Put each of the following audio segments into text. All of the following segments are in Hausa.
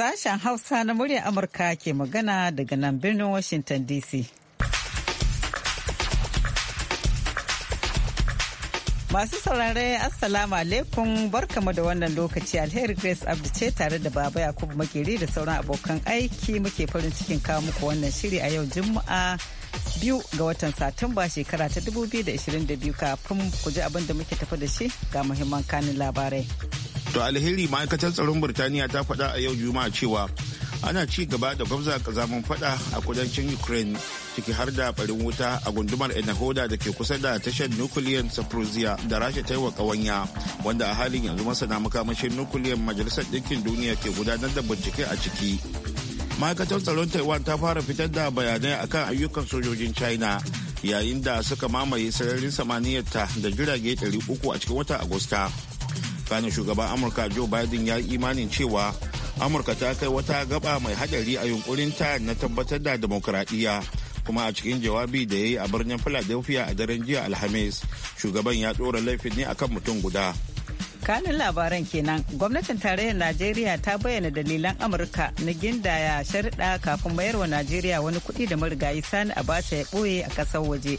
Sashen Hausa na muryar Amurka ke magana daga nan birnin Washington DC. Masu saurare Assalamu alaikum barkamu da wannan lokaci alheri Grace Abdu ce tare da Baba Yakubu Makeri da sauran abokan aiki muke farin cikin kawo muku wannan shiri a yau Juma'a biyu ga watan Satumba shekara ta 2022 kafin ku ji abin da muke tafi da shi ga muhimman kanin labarai. To alheri ma'aikatar tsaron Burtaniya ta faɗa a yau Juma'a cewa ana ci gaba da gwamza kazamin faɗa a kudancin Ukraine ciki har da barin wuta a gundumar Enahoda da ke kusa da tashar nukiliyan Saprozia da Rasha ta yi wa ƙawanya wanda a halin yanzu masana makamashin nukiliyan Majalisar Ɗinkin Duniya ke gudanar da bincike a ciki. Ma'aikatar tsaron Taiwan ta fara fitar da bayanai akan ayyukan sojojin China yayin da suka mamaye sararin samaniyarta da jirage 300 a cikin watan Agusta. tsakanin shugaban amurka joe biden ya yi imanin cewa amurka ta kai wata gaba mai hadari a yunkurin ta na tabbatar da demokuraɗiyya kuma a cikin jawabi da ya yi a birnin philadelphia a daren jiya alhamis shugaban ya ɗora laifin ne akan mutum guda kanin labaran kenan gwamnatin tarayyar najeriya ta bayyana dalilan amurka na gindaya sharida kafin mayarwa najeriya wani kuɗi da marigayi sani abacha ya ɓoye a ƙasar waje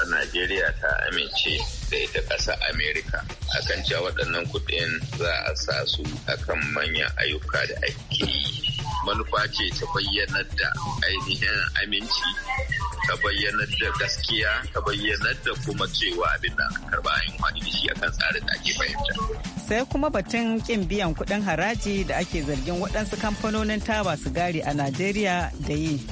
a Najeriya ta amince da ita ƙasa Amerika kan cewa waɗannan kuɗin za a sa su a kan manyan ayyuka da ake yi. Manufa ce ta bayyanar da ainihin aminci, ta bayyanar da gaskiya, ta bayyanar da kuma cewa abin da karba karba yin wani da shi akan tsarin da ake fahimta. Sai kuma batun kin biyan kuɗin haraji da ake zargin waɗansu kamfanonin taba sigari a Najeriya da yi.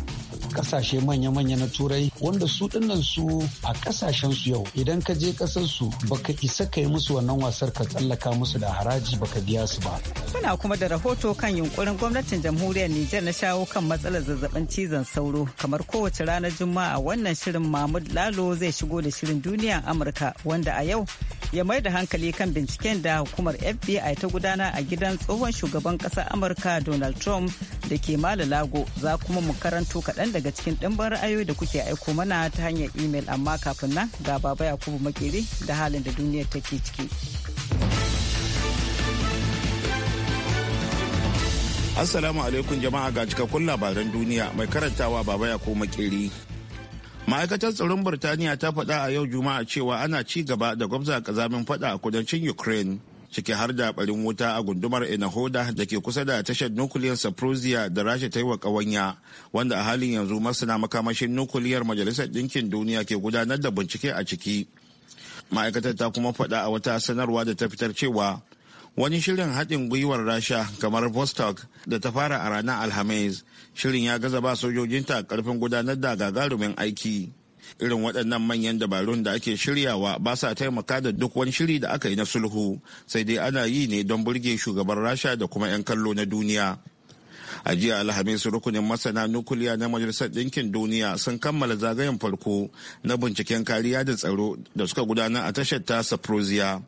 kasashe manya-manya na turai wanda su dinnan su a kasashen su yau idan ka je kasar su baka isa kai musu wannan wasar ka tsallaka musu da haraji baka biya su ba. Muna kuma da rahoto kan yunkurin gwamnatin jamhuriyar Nijar na shawo kan matsalar zazzabin cizon sauro kamar kowace ranar Juma'a wannan shirin Mahmud Lalo zai shigo da shirin duniya Amurka wanda a yau ya mai da hankali kan binciken da hukumar FBI ta gudana a gidan tsohon shugaban ƙasar Amurka Donald Trump da ke Malalago za kuma mu karanto kaɗan da daga cikin ɗimbin ra'ayoyi da kuke aiko mana ta hanyar imel amma kafin nan ga baba yakubu makeri da halin da duniya take ciki. Assalamu alaikum jama'a ga cikakkun labaran duniya mai karantawa baba yakubu makeri. ma'aikatar tsaron burtaniya ta faɗa a yau juma'a cewa ana ci gaba da gwamza ƙazamin faɗa a kudancin ukraine ciki har da barin wuta a gundumar Enahoda da ke kusa da tashar nukuliyar Saprosia da Rasha ta yi wa ƙawanya wanda a halin yanzu masana makamashin nukuliyar Majalisar Ɗinkin Duniya ke gudanar da bincike a ciki. Ma'aikatar ta kuma faɗa a wata sanarwa da ta fitar cewa wani shirin haɗin gwiwar Rasha kamar Vostok da ta fara a ranar Alhamis shirin ya gaza ba sojojinta karfin gudanar da gagarumin aiki. irin waɗannan manyan dabarun da ake shiryawa ba sa taimaka da duk wani shiri da aka yi na sulhu sai dai ana yi ne don burge shugaban rasha da kuma 'yan kallo na duniya a jiya alhamis rukunin masana nukuliya na majalisar ɗinkin duniya sun kammala zagayen farko na binciken kariya da tsaro da suka gudana a tashar ta saprosia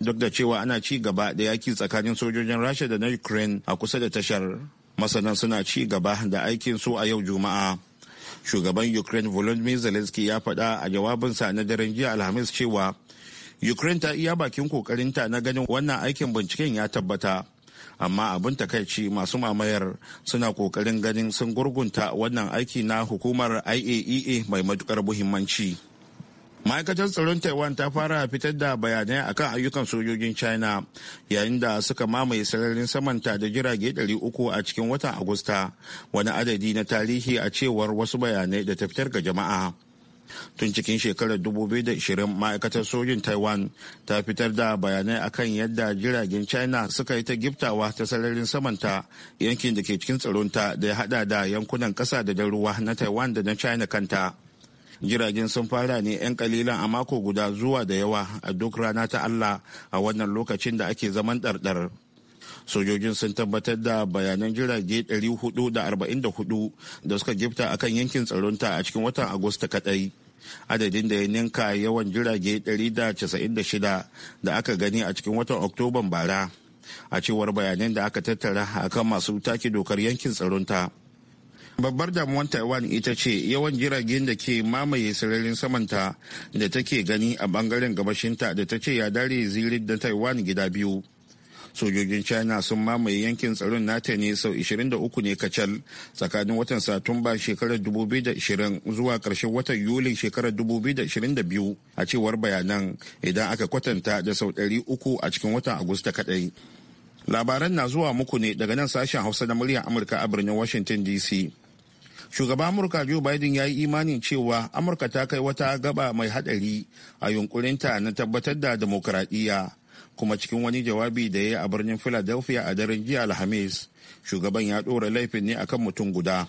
duk da cewa ana ci gaba da yaki tsakanin sojojin rasha da na ukraine a kusa da tashar masana suna ci gaba da aikin su a yau juma'a shugaban ukraine volodymyr zelensky ya faɗa a jawabinsa na daren jiya alhamis cewa ukraine ta iya bakin kokarinta na ganin wannan aikin binciken ya tabbata amma abin takaici masu mamayar suna kokarin ganin sun gurgunta wannan aiki na hukumar iaea e mai matukar muhimmanci. ma'aikatar tsaron taiwan ta fara fitar da bayanai akan ayyukan sojojin china yayin da suka mamaye sararin samanta da jirage 300 a cikin watan agusta wani adadi na tarihi a cewar wasu bayanai da ta fitar ga jama'a tun cikin shekarar 2020 ma'aikatar sojin taiwan ta fitar da bayanai akan yadda jiragen china suka yi ta giftawa ta sararin samanta yankin da ke cikin tsaronta da ya hada da yankunan kasa da ruwa na taiwan da na china kanta jiragen sun fara ne 'yan kalilan a mako guda zuwa da yawa a duk rana ta allah a wannan lokacin da ake zaman ɗarɗar sojojin sun tabbatar da bayanan jirage 444 da suka gifta kan yankin tsaronta a cikin watan agusta kadai adadin da ya ninka yawan jirage 196 da aka gani a cikin watan oktoban bara a cewar bayanan da aka tattara a kan masu take dokar yankin tsaronta babbar damuwan taiwan ita ce yawan jiragen da ke mamaye sararin samanta da take gani a bangaren gabashinta da ta ce ya dare zirin da taiwan gida biyu sojojin china sun mamaye yankin tsaron nata ne sau 23 ne kacal tsakanin watan satumba shekarar 2020 zuwa karshen watan yuli shekarar 2022 a cewar bayanan idan aka kwatanta da sau 300 a cikin watan agusta kadai labaran na zuwa muku ne daga nan sashen hausa na murya amurka a birnin washington dc shugaban amurka joe biden ya yi imanin cewa amurka ta kai wata gaba mai hadari a yunkurinta na tabbatar da demokuraɗiyya kuma cikin wani jawabi da ya yi a birnin philadelphia a daren jiya alhamis shugaban ya ɗora laifin ne akan mutum guda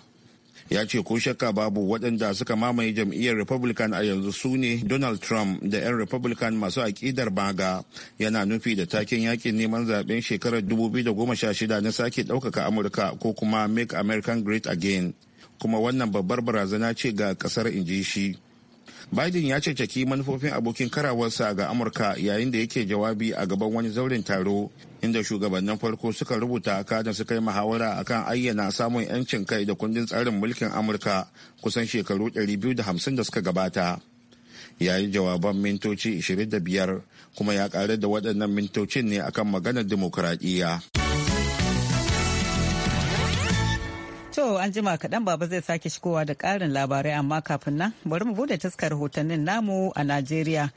ya ce ko shakka babu waɗanda suka mamaye jam'iyyar republican a yanzu su ne donald trump da 'yan republican masu aƙidar baga yana nufi da taken yakin neman zaben shekarar 2016 na sake ɗaukaka amurka ko kuma make american great again kuma wannan babbar barazana ce ga kasar inji shi biden ya cancaki manufofin abokin karawarsa ga amurka yayin da yake jawabi a gaban wani zauren taro inda shugabannin farko suka rubuta kada suka yi muhawara akan ayyana samun 'yancin kai da kundin tsarin mulkin amurka kusan shekaru 250 da suka gabata yayin jawaban mintoci 25 kuma ya kare da waɗannan mintocin ne akan maganar dimokuraɗiyya. To an jima kaɗan baba zai sake shigowa da ƙarin labarai amma kafin nan bari mu bude taskar rahotannin namu a Najeriya.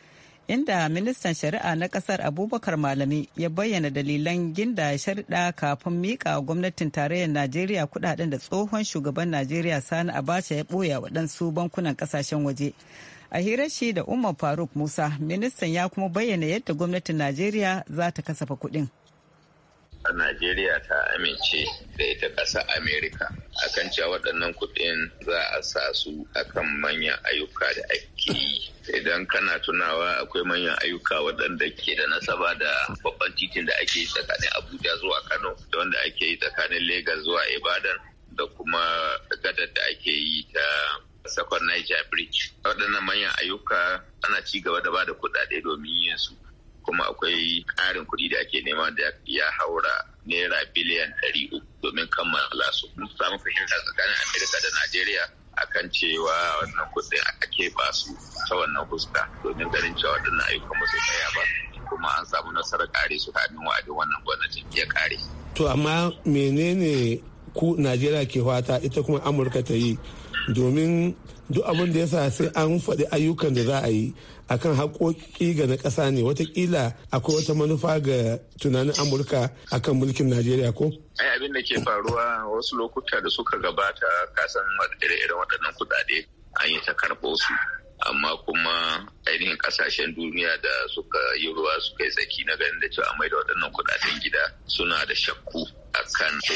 Inda ministan shari'a na ƙasar Abubakar Malami ya bayyana dalilan ginda sharɗa kafin miƙa gwamnatin tarayyar Najeriya kuɗaɗen da tsohon shugaban Najeriya Sani Abacha ya ɓoya waɗansu bankunan ƙasashen waje. A hirar shi da Umar Faruk Musa, ministan ya kuma bayyana yadda gwamnatin Najeriya za ta kasafa kuɗin. Najeriya ta amince da ita ƙasa Amerika akan cewa waɗannan kuɗin za a sa su akan manyan ayyuka da ake yi. Idan kana tunawa akwai manyan ayyuka waɗanda ke da nasaba da babban titin da ake yi tsakanin Abuja zuwa Kano da wanda ake yi tsakanin Legas zuwa Ibadan da kuma gadar da ake yi ta Sakon Niger Bridge. Waɗannan manyan ayyuka ana ci gaba da ba da kuɗaɗe domin yin su. kuma akwai ƙarin kuɗi da ake nema da ya haura naira biliyan ɗari uku domin kammala su mun samu fahimta tsakanin amerika da najeriya akan cewa wannan kuɗin ake ba su ta wannan fuska domin ganin cewa waɗannan ayyukan ba su tsaya ba kuma an samu nasarar kare su kamin wa'adin wannan gwamnatin ya kare. to amma menene ku najeriya ke fata ita kuma amurka ta yi domin duk abin da ya sa sai an faɗi ayyukan da za a yi akan haƙoƙi ga na ƙasa ne watakila akwai wata manufa ga tunanin amurka akan mulkin najeriya ko ai abin da ke faruwa wasu lokuta da suka gabata kasan irin waɗannan kuɗaɗe an yi ta karɓo su amma kuma ainihin kasashen duniya da suka yi ruwa suka yi tsaki na ganin da cewa mai da waɗannan kuɗaɗen gida suna da shakku akan ko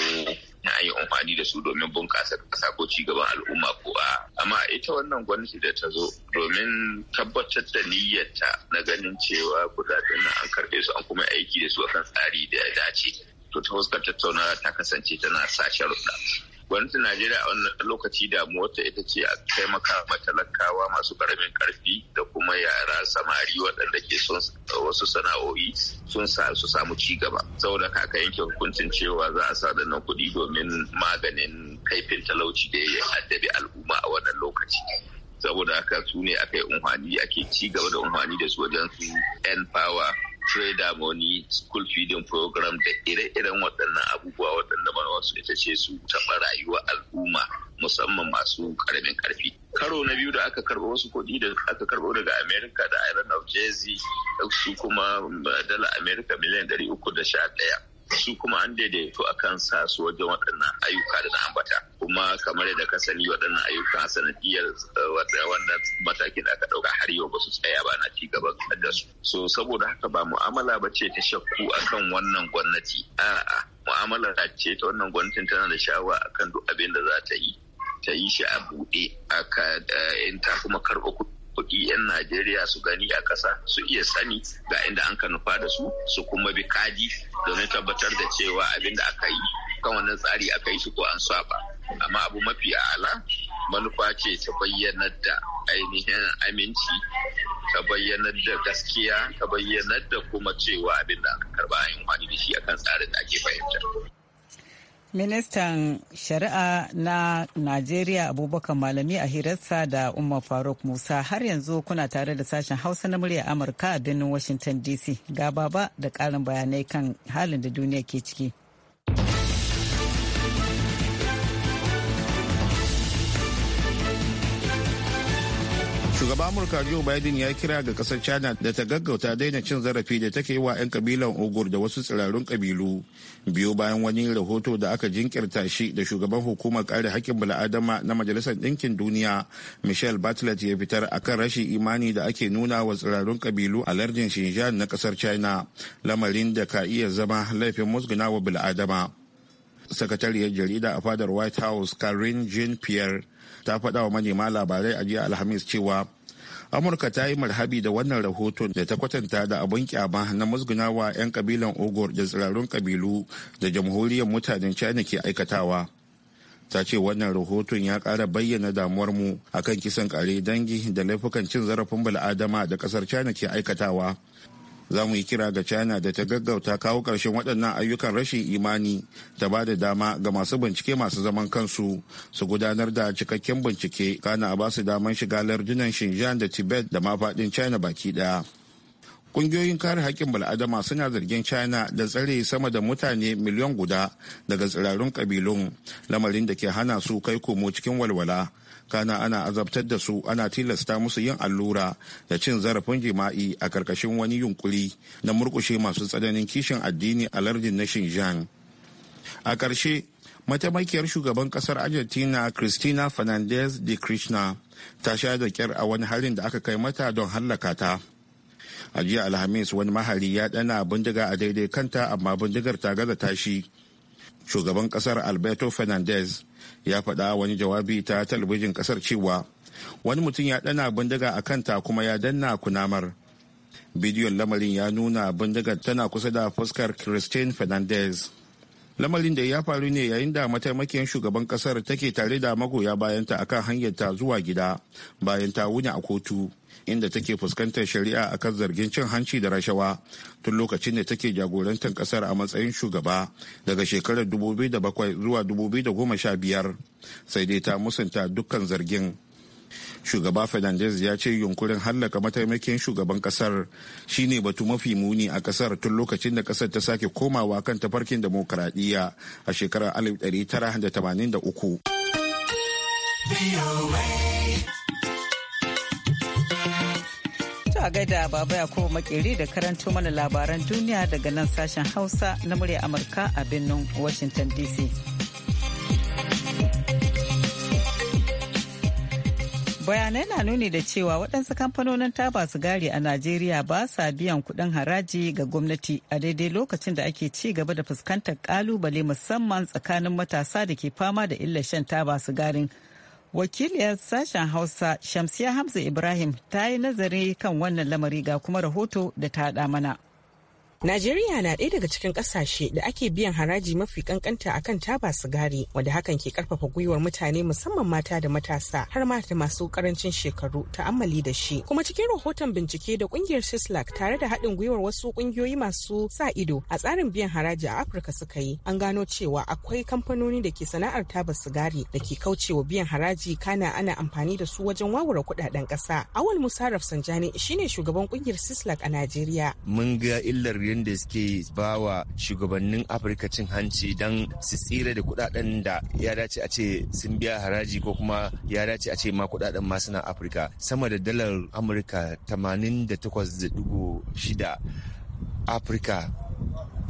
na yi amfani da su domin bunƙasa ƙasa ko cigaban al'umma ko a amma ita wannan gwamnati da ta zo domin tabbatar da niyyarta na ganin cewa kuɗaɗen nan an karɓe su an kuma aiki da su akan tsari da ya dace to ta fuskar tattaunawa ta kasance tana sashe ruɗa gwamnatin najeriya a wannan lokaci damuwarta ita ce a taimaka talakawa masu karamin karfi da kuma yara samari waɗanda ke son wasu sana'o'i sun su samu ci gaba saboda kaka yanke hukuncin cewa za a sa nan kuɗi domin maganin kaifin talauci da ya addabi al'umma a wannan lokaci saboda haka su ne aka yi unhwani ake ci gaba da unhwani da su wajen su 'yan Power. trader money school feeding program da ire-iren waɗannan abubuwa waɗanda wasu ita ce su taɓa rayuwa al'umma musamman masu ƙaramin ƙarfi. karo na biyu da aka karɓo wasu kuɗi da aka karɓo daga america da ireland of jersey su kuma dala america miliyan ɗari uku da sha ɗaya su kuma an daidaito kan sa su wajen waɗannan ayyuka da na ambata kuma kamar yadda ka sani waɗannan ayyuka sanadiyar eh, wannan matakin da aka ɗauka har yau ba su tsaya ba na ci gaba da su so saboda haka ba mu'amala ba ce ta shakku akan wannan gwamnati a'a mu'amala ce ta wannan gwamnatin tana da shawa akan duk abin da za ta yi ta yi shi a buɗe aka eh, in ta kuma karɓa kuɗi 'yan Najeriya su gani a ƙasa su iya sani ga inda an ka nufa da su su kuma bi kaji domin tabbatar da cewa abin da aka yi kan wannan tsari aka yi shi ko an saba amma abu mafi ala manufa ce ta bayyanar da ainihin aminci ta bayyanar da gaskiya ta bayyanar da kuma cewa abin da aka karba yin wani da shi akan tsarin da ake fahimta Ministan Shari'a na Najeriya Abubakar Malami a hirarsa da Umar Faruk Musa har yanzu kuna tare da sashen Hausa na murya Amurka a birnin Washington DC ga baba da ƙarin bayanai kan halin da duniya ke ciki. shugaban amurka joe biden ya kira ga kasar china da ta gaggauta daina cin zarafi da take yi wa 'yan kabilan ogur da wasu tsirarun kabilu biyu bayan wani rahoto da aka jinkirta shi da shugaban hukumar kare hakkin bil'adama na majalisar ɗinkin duniya michelle batlet ya fitar akan rashin imani da ake nuna wa tsirarun kabilu a lardin xinjiang na kasar china lamarin da ka iya zama laifin musguna wa bala'adama sakatariyar jarida a fadar white house karin jean pierre ta faɗa wa manema labarai a jiya alhamis cewa amurka ta yi marhabi da wannan rahoton da ta kwatanta da abun kyama na musgunawa 'yan kabilan ogor da tsirarun kabilu da jamhuriyar mutanen china ke aikatawa ta ce wannan rahoton ya kara bayyana damuwar mu akan kisan kare dangi da laifukan cin zarafin bal'adama da kasar china ke aikatawa za mu yi kira ga china da ta gaggauta kawo ƙarshen waɗannan ayyukan rashin imani ta ba da dama ga masu bincike masu zaman kansu su gudanar da cikakken bincike kana a basu damar shiga lardunan shinjan da tibet da ma faɗin china baki ɗaya ƙungiyoyin kare haƙƙin bal'adama suna zargin china da tsare sama da mutane miliyan guda daga tsirarun ƙabilun lamarin da ke hana su kai komo cikin walwala kana ana azabtar da su ana tilasta musu yin allura da cin zarafin jima'i a karkashin wani yunkuri na murkushe masu tsananin kishin addini a lardin na Xinjiang. A ƙarshe, mataimakiyar shugaban ƙasar Argentina Cristina Fernandez de Krishna ta sha da kyar a wani halin da aka kai mata don hallaka ta. A jiya Alhamis wani mahari ya ɗana bindiga a daidai kanta amma bindigar ta gaza tashi. Shugaban ƙasar Alberto Fernandez ya faɗa wani jawabi ta talabijin ƙasar cewa wani mutum ya ɗana bindiga a kanta kuma ya danna kunamar bidiyon lamarin ya nuna bindigar tana kusa da fuskar christine fernandez lamarin da ya faru ne yayin da mataimakiyar shugaban kasar take tare da magoya bayanta akan hanyar ta zuwa gida bayan ta wuni a kotu inda take fuskantar shari'a akan zargin cin hanci da rashawa tun lokacin da take jagorantar kasar a matsayin shugaba daga shekarar 2007 zuwa 2015 sai dai ta musanta dukkan zargin shugaba fernandez ya ce yunkurin hallaka mataimakin shugaban kasar shine batu mafi muni a kasar tun lokacin da kasar ta sake komawa kan tafarkin demokradiyya a shekarar 1983 a gaida baba ya kuma makeri da karanto mana labaran duniya daga nan sashen hausa na murya amurka a birnin washington dc bayanai na nuni da cewa waɗansu kamfanonin taba sigari a najeriya ba sa biyan kuɗin haraji ga gwamnati a daidai lokacin da ake ci gaba da fuskantar kalubale musamman tsakanin matasa da ke fama da illar shan taba sigarin wakiliyar sashen hausa shamsiya hamza ibrahim ta yi nazari kan wannan lamari ga kuma rahoto da ta haɗa mana Najeriya na ɗaya daga cikin ƙasashe da ake biyan haraji mafi ƙanƙanta akan taba sigari wanda hakan ke ƙarfafa gwiwar mutane musamman mata da matasa har ma da masu ƙarancin shekaru ta'ammali da shi. Kuma cikin rahoton bincike da ƙungiyar Sislak tare da haɗin gwiwar wasu ƙungiyoyi masu sa ido a tsarin biyan haraji a Afirka suka yi an gano cewa akwai kamfanoni da ke sana'ar taba sigari da ke kaucewa biyan haraji kana ana amfani da su wajen wawura kuɗaɗen ƙasa. Awal Musarraf Sanjani shine shugaban ƙungiyar Sislak a Najeriya. Mun ga illar shirye da suke ba wa shugabannin afirka cin hanci don su tsira da kudaden da ya dace a ce sun biya haraji ko kuma ya dace a ce ma kudaden ma suna afirka sama da dalar amurka 88.6 afirka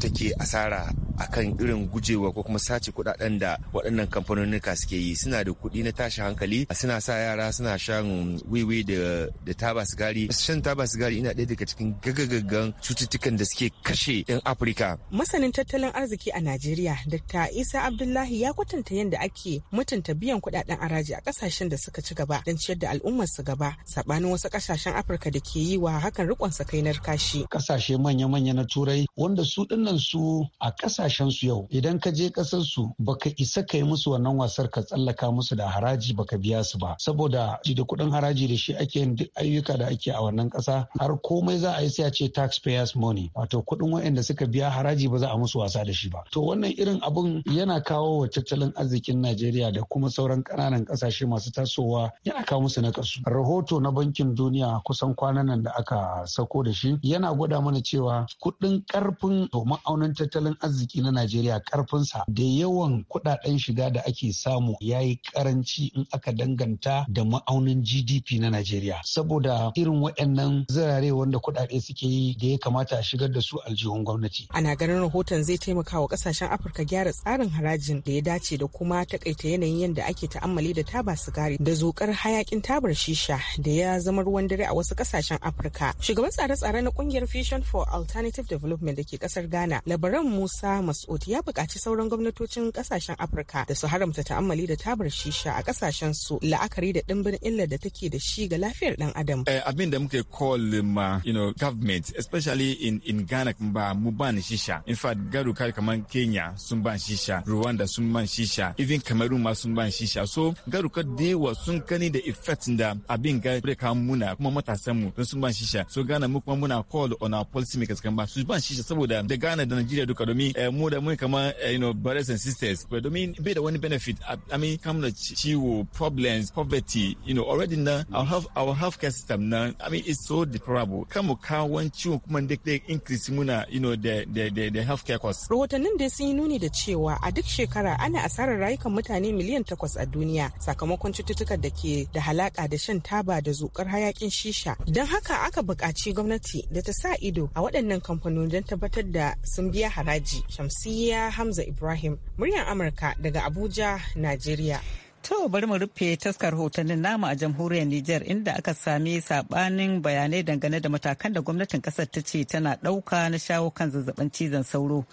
take asara akan irin gujewa ko kuma sace kuɗaɗen da waɗannan kamfanonika suke yi suna da kuɗi na tashi hankali suna sa yara suna shan wiwi da da taba sigari shan taba sigari ina ɗaya daga cikin gagagaggan cututtukan da suke kashe 'yan afirka masanin tattalin arziki a najeriya dr isa abdullahi ya kwatanta yadda ake mutunta biyan kuɗaɗen araji a kasashen da suka ci gaba don ciyar da al'ummar su gaba saɓanin wasu kasashen afirka da ke yi wa hakan rikon sakainar kashi ƙasashe manya-manya na turai wanda su ɗinnan su a ƙasashe kasashen su yau idan ka je kasar su baka isa kai musu wannan wasar ka tsallaka musu da haraji baka biya su ba saboda shi da kuɗin haraji da shi ake yin duk ayyuka da ake a wannan kasa har komai za a yi sai a ce taxpayers money wato kuɗin waɗanda suka biya haraji ba za a musu wasa da shi ba to wannan irin abun yana kawo wa tattalin arzikin Najeriya da kuma sauran kananan kasashe masu tasowa yana kawo musu na kasu rahoto na bankin duniya kusan kwanan nan da aka sako da shi yana gwada mana cewa kuɗin karfin to ma'aunin tattalin arziki arziki na Najeriya karfinsa da yawan kudaden shiga da ake samu ya yi karanci in aka danganta da ma'aunin GDP na Najeriya. Saboda irin waɗannan zirare wanda kudade suke yi da ya kamata a shigar da su aljihun gwamnati. Ana ganin rahoton zai taimaka wa kasashen Afirka gyara tsarin harajin da ya dace da kuma takaita yanayin yadda ake ta'ammali da taba sigari da zokar hayakin tabar shisha da ya zama ruwan dare a wasu ƙasashen Afirka. Shugaban tsare-tsare na kungiyar Vision for Alternative Development da ke ƙasar Ghana, Labaran Musa Mas'ud ya buƙaci sauran gwamnatocin ƙasashen Afirka da su haramta ta'ammali da tabar shisha a ƙasashen su la'akari da ɗimbin illar da take da shi ga lafiyar ɗan adam. Eh, abin da muke call ma um, uh, you know government especially in in Ghana ba mu ban shisha. In fact garu kai kamar Kenya sun ban shisha, Rwanda sun ban shisha, even Cameroon ma sun ban shisha. So garu ka dewa sun kani da effect da abin ga ka muna kuma matasan mu don sun ban shisha. So Ghana mu kuma muna call on our policy makers kan ba su ban shisha saboda da Ghana da Nigeria duka domin eh, mu da mu kama eh, you know brothers and sisters but I mean bai da wani benefit I mean kamar da ciwo problems poverty you know already na our health our care system na I mean it's so deplorable kan mu kawo ciwon kuma da increase muna you know the the the, the health care cost rahotannin da sun yi nuni da cewa a duk shekara ana asarar rayukan mutane miliyan takwas a duniya sakamakon cututtukan da ke da halaka da shan taba da zukar hayakin shisha don haka aka buƙaci gwamnati da ta sa ido a waɗannan kamfanoni don tabbatar da sun biya haraji Shamsiyya Hamza Ibrahim, muryar Amurka daga Abuja, Najeriya. To bari mu rufe taskar hotonin namu a jamhuriyar Nijar inda aka sami sabanin bayanai dangane da matakan da gwamnatin kasar ta ce tana ɗauka na shawo kan zazzabin cizon sauro.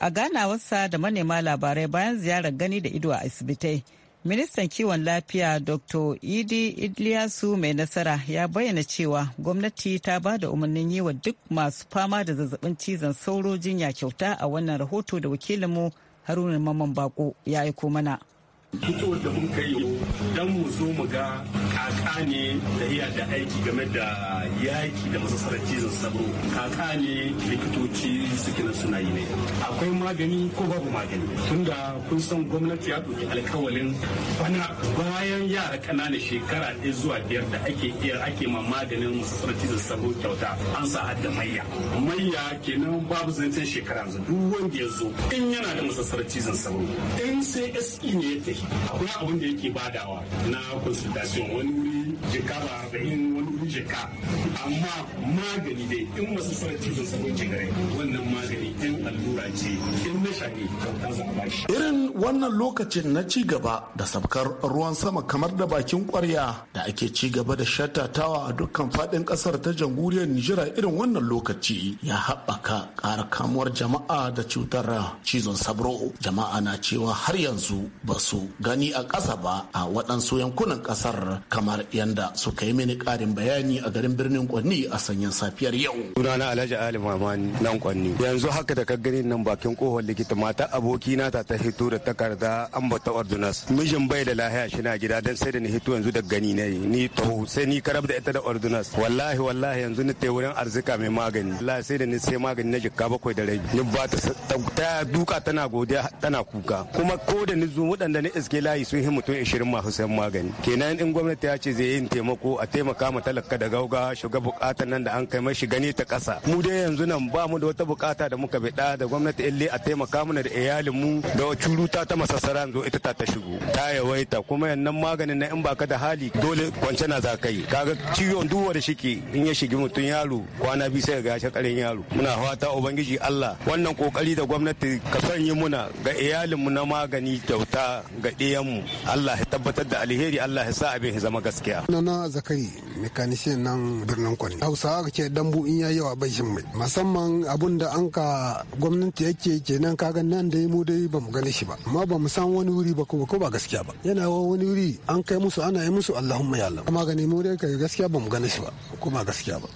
A ganawarsa da manema labarai bayan ziyarar gani da ido a asibitai, Ministan kiwon lafiya Dr. Idi Idliyasu mai nasara ya bayyana cewa gwamnati ta ba da umarnin yi wa duk masu fama da zazzabin cizon sauro jinya kyauta a wannan rahoto da wakilinmu Haruna Maman Bako ya aiko mana. Fitowar da muka yi don mu zo mu ga kaka ne da iya da aiki game da yaki da masasarar cizon sabo kaka ne likitoci suke na suna yi ne akwai magani ko babu magani tunda kun san gwamnati ya ɗauki alkawalin bana bayan yara ƙananan shekara ɗaya zuwa biyar da ake iya ake ma maganin masasarar cizon sabo kyauta an sa da mayya mayya kenan babu zancen shekara yanzu duk wanda ya zo in yana da masasarar cizon sabo in sai e ne ya tafi akwai abin da yake badawa na consultation wani wuri arba'in wani jika amma magani dai in masu sabon jigare wannan magani in allura ce in na kanta za a shi. irin wannan lokacin na ci gaba da sabkar ruwan sama kamar da bakin kwarya da ake ci gaba da shatatawa a dukkan faɗin ƙasar ta jamhuriyar nijar irin wannan lokaci ya haɓaka ƙara kamuwar jama'a da cutar cizon sabro jama'a na cewa har yanzu ba su gani a ƙasa ba a waɗansu yankunan ƙasar kamar kamar yanda suka yi mini karin bayani a garin birnin Kwanni a sanyin safiyar yau. na Alhaji Ali Mamani nan Kwanni. Yanzu haka da ka gani nan bakin kohon likita mata na ta ta hito da takarda an bata ordinance. Mijin bai da lahiya shi na gida dan sai da ni hito yanzu da gani ne ni to sai ni karab da ita da ordinance. Wallahi wallahi yanzu ni ta wurin arzika mai magani. Wallahi sai da ni sai magani na jikka bakwai da rabi. Ni ba ta duka tana godiya tana kuka. Kuma ko da ni zo waɗanda ni iske layi sun yi mutum 20 masu sayan magani. Kenan in gwamnati ya ce zai yin taimako a taimaka ma talaka da gauga shiga bukatar nan da an kai mashi gani ta kasa mu dai yanzu nan ba mu da wata bukata da muka bida da gwamnati ille a taimaka mana da iyalin mu da curuta ta masassara yanzu ita ta ta shigo ta yawaita kuma yannan maganin na in baka da hali dole kwance na za ka yi kaga ciwon duwa da shike in ya shigi mutum yaro kwana biyu sai ga shi karin yaro muna fata ubangiji Allah wannan kokari da gwamnati ka sanya muna ga iyalin mu na magani kyauta ga ɗiyan mu Allah ya tabbatar da alheri Allah ya sa abin ya zama gaskiya na zakari mekanishin nan birnin kwani hausawa ke dambu in yayi yawa bai shin mai musamman abun da an ka gwamnati yake kenan kaga nan da mu dai ba mu gane shi ba amma ba san wani wuri ba ko ba gaskiya ba yana wani wuri an kai musu ana yi musu allahumma ya allah kuma gane mu dai kai gaskiya ba mu gane shi ba kuma gaskiya ba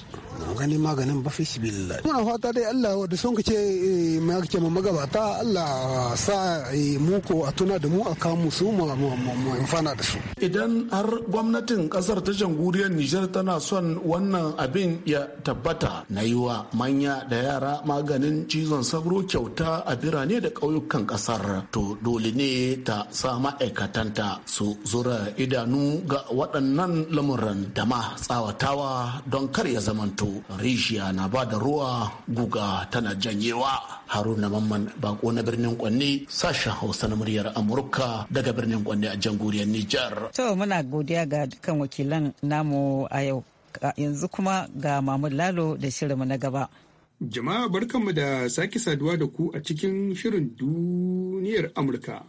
gani maganin ba fi sibilla muna fata dai Allah wadda son kace eh, mai kake mu magabata Allah sa eh, mu ko a tuna da mu a mu su mu amfana da su idan har gwamnatin kasar ta jamhuriyar Nijar tana son wannan abin ya tabbata na yiwa manya da yara maganin cizon sauro kyauta a birane da ƙauyukan kasar to dole ne ta sa ma'aikatanta su zura idanu ga waɗannan lamuran da ma tsawatawa don kar ya zamanto rijiya na ba da ruwa guga tana janyewa haruna mamman bako na birnin kwanne sashen hausa na muryar amurka daga birnin kwanne a jamhuriyar nijar to muna godiya ga dukkan wakilan namu a yau yanzu kuma ga mahmud lalo da shirinmu na gaba jama'a barkanmu da sake saduwa da ku a cikin shirin duniyar amurka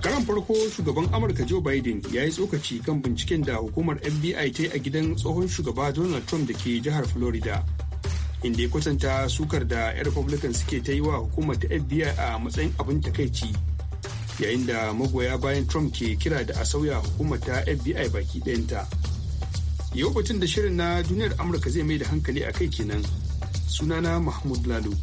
karan farko shugaban amurka joe biden ya yi tsokaci kan binciken da hukumar fbi ta yi a gidan tsohon shugaba donald trump da ke jihar florida inda ya kwatanta sukar da 'yan republican suke ta yi wa hukumar ta fbi a matsayin abin takaici yayin da magoya bayan trump ke kira da a sauya hukumar ta fbi baki ɗayanta yau batun da shirin na duniyar amurka zai mai da hankali a kai kenan sunana mahmud lalu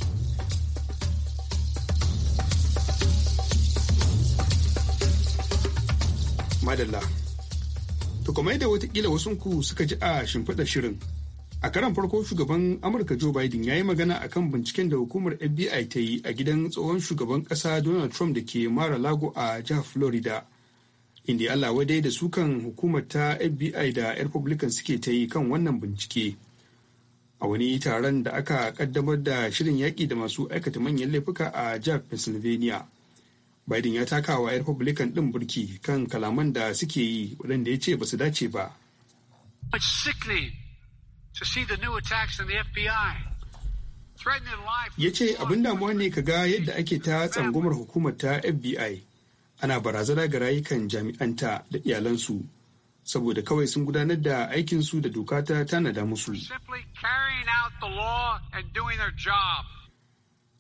madalla to kamar yadda watakila ku suka ji a shimfiɗa shirin a karan farko shugaban amurka joe biden ya yi magana a kan binciken da hukumar fbi ta yi a gidan tsohon shugaban ƙasa donald trump da ke mara lago a jihar florida inda allah wadai da sukan hukumar ta fbi da republican suke ta yi kan wannan bincike a wani taron da aka kaddamar da shirin yaƙi da masu aikata manyan laifuka a jihar pennsylvania biden ya taka wa 'yan republican ɗin burki kan kalaman da suke yi waɗanda ya ce ba su dace ba ya ce abin damuwa ne ka ga yadda ake ta tsangumar hukumar ta fbi ana barazana ga rayukan jami'anta da iyalansu saboda kawai sun gudanar da aikinsu da doka ta tanada musu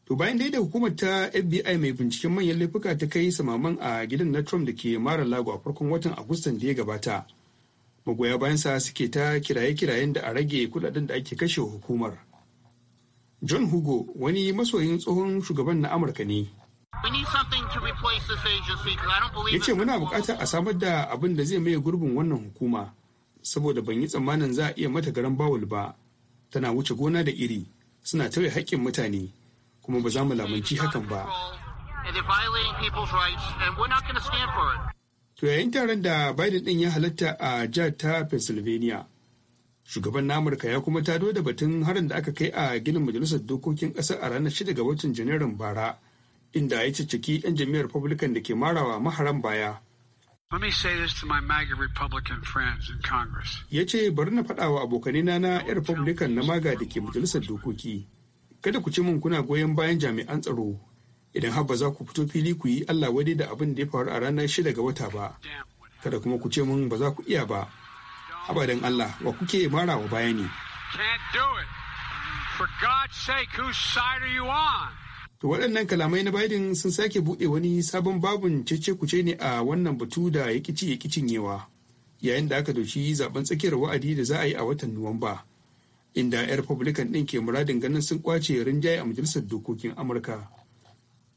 To bayan dai da hukumar ta FBI mai binciken manyan laifuka ta kai samaman a gidan na Trump da ke mara lago a farkon watan Agustan da ya gabata. Magoya bayansa suke ta kiraye-kirayen da a rage kudaden da ake kashe hukumar. John Hugo wani masoyin tsohon shugaban na Amurka ne. Ya ce muna bukatar a samar da abin da zai maye gurbin wannan hukuma, saboda ban yi tsammanin za a iya mata garan bawul ba, tana wuce gona da iri, suna tauye haƙƙin mutane. kuma ba za mu lamunci hakan ba. To yayin taron da Biden din ya halatta a jihar ta Pennsylvania, shugaban na Amurka ya kuma tado da batun harin da aka kai a ginin majalisar dokokin ƙasar a ranar 6 ga watan Janairun bara, inda ya cicciki 'yan jami'ar Republican da ke marawa maharan baya. Ya ce bari na faɗawa abokanina na 'yan Republican na maga da ke majalisar dokoki. kada ku ce min kuna goyon bayan jami'an tsaro idan har za ku fito fili ku yi Allah wadai da abin da ya faru a ranar shida ga wata ba kada kuma ku ce min ba za ku iya ba abadan Allah wa kuke mara wa bayani to waɗannan kalamai na Biden sun sake buɗe wani sabon babun cece ce ne a wannan batu da ya kici ya yawa, yayin da aka doshi zaben tsakiyar wa'adi da za a yi a watan Nuwamba. inda 'yan republican ɗin ke muradin ganin sun kwace rinjaye a majalisar dokokin amurka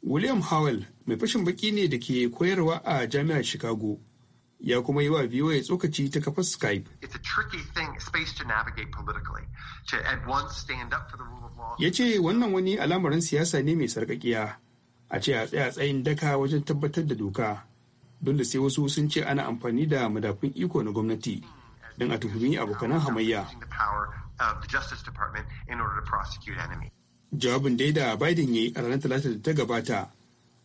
william howell mai fashin baki ne da ke koyarwa a jami'ar chicago ya kuma yi wa VOA tsokaci ta kafar Skype. Ya ce wannan wani alamarin siyasa ne mai sarƙaƙiya, a ce a tsaya tsayin daka wajen tabbatar da doka, don da sai wasu sun ce ana amfani da madafun iko na gwamnati don a tuhumi abokanan hamayya. of the Justice Department in order to prosecute enemy. Jawabin dai da Biden ya yi a ranar Talata da ta gabata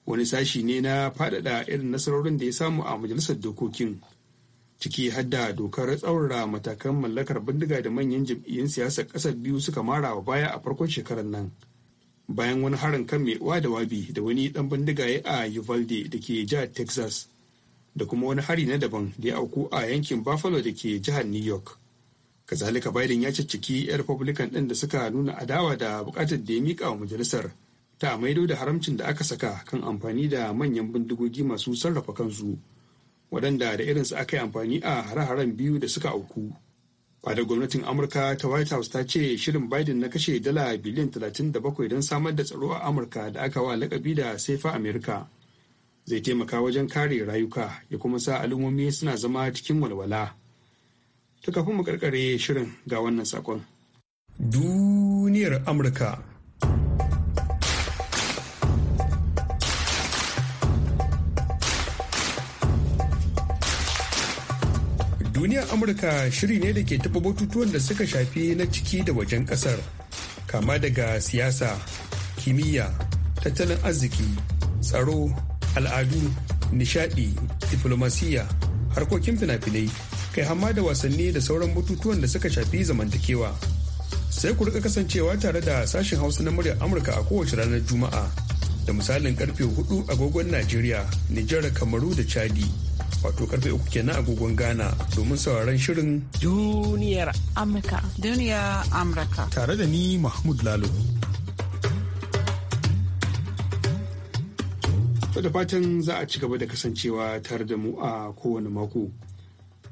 wani sashi ne na faɗaɗa irin nasarorin da ya samu a majalisar dokokin ciki hadda dokar tsaurara matakan mallakar bindiga da manyan jam'iyyun siyasar ƙasar biyu suka mara wa baya a farkon shekarar nan bayan wani harin kan mai da wabi da wani ɗan bindiga ya a uvalde da ke jihar texas da kuma wani hari na daban da ya auku a yankin buffalo da ke jihar new york kazalika biden ya cicciki 'yan republican ɗin da suka nuna adawa da bukatar da ya mika wa majalisar ta maido da haramcin da aka saka kan amfani da manyan bindigogi masu sarrafa kansu waɗanda da irinsu aka yi amfani a hare-haren biyu da suka auku da gwamnatin amurka ta white house ta ce shirin biden na kashe dala biliyan 37 don samar da tsaro a amurka da aka wa lakabi da saifa america zai taimaka wajen kare rayuka ya kuma sa al'ummomi suna zama cikin walwala To kafin mu karkare shirin ga wannan sakon. Duniyar Amurka. Duniyar Amurka shiri ne da ke taɓa batutuwan da suka shafi na ciki da wajen ƙasar, kama daga siyasa, kimiyya, tattalin arziki, tsaro, al'adu, nishadi, diflomasiyya, harkokin fina-finai. kai hama da wasanni da sauran bututuwan da suka shafi zamantakewa. Sai ku rika kasancewa tare da sashen Hausa na muryar Amurka a kowace ranar Juma'a da misalin karfe hudu agogon Najeriya, Nijar, Kamaru da Chadi. Wato karfe uku kenan agogon Ghana domin sauraron shirin Duniyar Amurka. Duniyar Amurka. Tare da ni Mahmud Lalo. da fatan za a ci gaba da kasancewa tare da mu a kowane mako.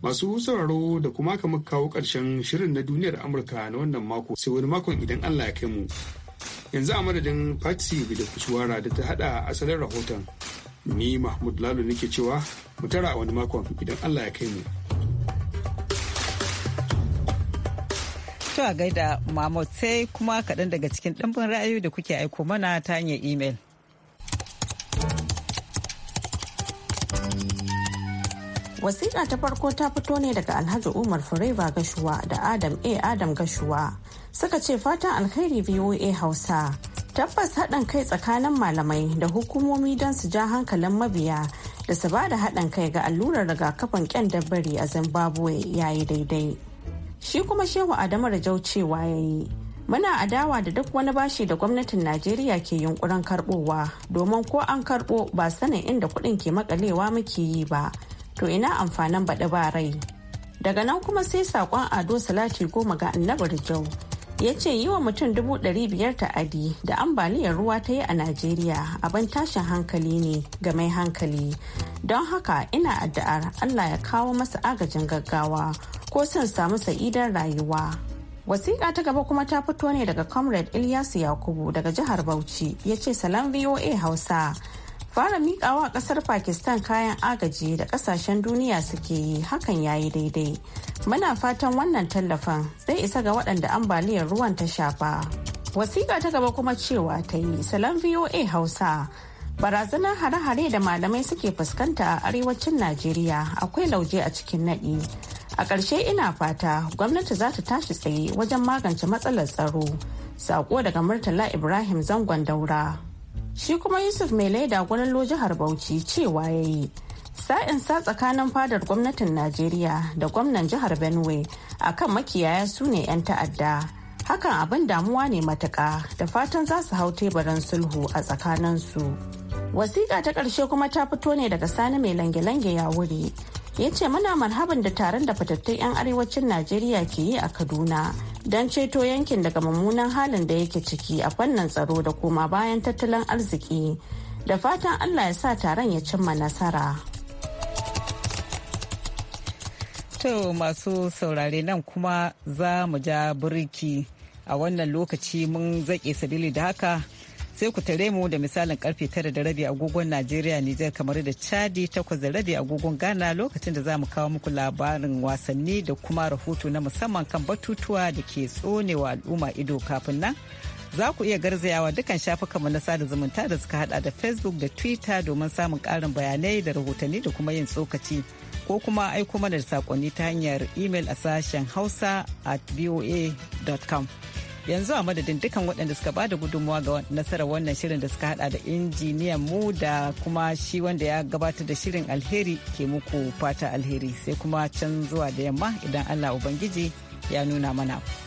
Masu sauraro da kuma ka muka kawo ƙarshen shirin na duniyar Amurka na wannan mako sai wani makon idan Allah ya kai mu. Yanzu a madadin Patsy da kusurwara da ta haɗa asalin rahoton. Ni Mahmud Lalo nake cewa mu tara a wani makon idan Allah ya kai mu. To a gaida Mahmud sai kuma kaɗan daga cikin ɗimbin ra'ayoyi da kuke aiko mana ta hanyar imel. Wasiƙa ta farko ta fito ne daga Alhaji Umar Fureba Gashuwa da Adam A. Adam Gashuwa. Suka ce fatan alkhairi VOA Hausa. Tabbas haɗin kai tsakanin malamai da hukumomi don su ja hankalin mabiya da su ba da haɗin kai ga allurar rigakafin ƙyan dabbari a Zimbabwe ya yi daidai. Shi kuma Shehu Adamu Rajau cewa ya yi. Muna adawa da duk wani bashi da gwamnatin Najeriya ke yunkurin karɓowa domin ko an karɓo ba sanin inda kuɗin ke makalewa muke yi ba. to ina amfanin baɗi ba rai daga nan kuma sai saƙon ado salati goma ga annabar jau ya ce yi wa mutum dubu ɗari biyar ta'adi da ambaliyar ruwa ta yi a najeriya abin tashin hankali ne ga mai hankali don haka ina addu'ar allah ya kawo masa agajin gaggawa ko son samu sa'idar rayuwa wasiƙa ta gaba kuma ta fito ne daga comrade ilyasu yakubu daga jihar bauchi ya ce salam voa hausa fara miƙawa ƙasar pakistan kayan agaji da ƙasashen duniya suke yi hakan ya yi daidai muna fatan wannan tallafin zai isa ga waɗanda ambaliyar ruwan ta shafa wasiƙa ta gaba kuma cewa ta yi salon voa hausa barazanar hare-hare da malamai suke fuskanta a arewacin najeriya akwai lauje a cikin naɗi a ƙarshe ina fata gwamnati za ta tashi tsaye wajen magance matsalar tsaro saƙo daga murtala ibrahim zangon daura Shi kuma Yusuf mai laida gwalalo jihar Bauchi cewa ya yi. Sa'in sa tsakanin fadar gwamnatin Najeriya da gwamnan jihar Benue a kan makiyaya su ne 'yan ta'adda. Hakan abin damuwa ne matuka da fatan za su hau teburin sulhu a tsakaninsu. Wasiƙa ta ƙarshe kuma ta fito ne daga sani mai lange-lange ya wuri. ya ce muna marhaban da taron da fatattun 'yan arewacin najeriya ke yi a kaduna don ceto yankin daga mummunan halin da yake ciki a fannin tsaro da koma bayan tattalin arziki da fatan allah ya sa taron ya cimma nasara to masu saurare nan kuma za mu ja birki a wannan lokaci mun zaƙe sabili da haka sai ku tare mu da misalin karfe tara da rabi agogon Najeriya Nijar kamar da Chadi takwas da rabi agogon Ghana lokacin da za mu kawo muku labarin wasanni da kuma rahoto na musamman kan batutuwa da ke tsonewa al'umma ido kafin nan. Za ku iya garzayawa dukkan shafukanmu na sada zumunta da suka hada da Facebook da Twitter domin samun karin bayanai da rahotanni da kuma yin tsokaci. Ko kuma aiko mana da saƙonni ta hanyar email a sashen hausa at voa.com. yanzu a madadin dukkan waɗanda suka bada gudunmawa ga nasarar wannan shirin da suka hada da injiniyan mu da kuma shi wanda ya gabatar da shirin alheri ke muku fata alheri sai kuma can zuwa da yamma idan allah ubangiji ya nuna mana.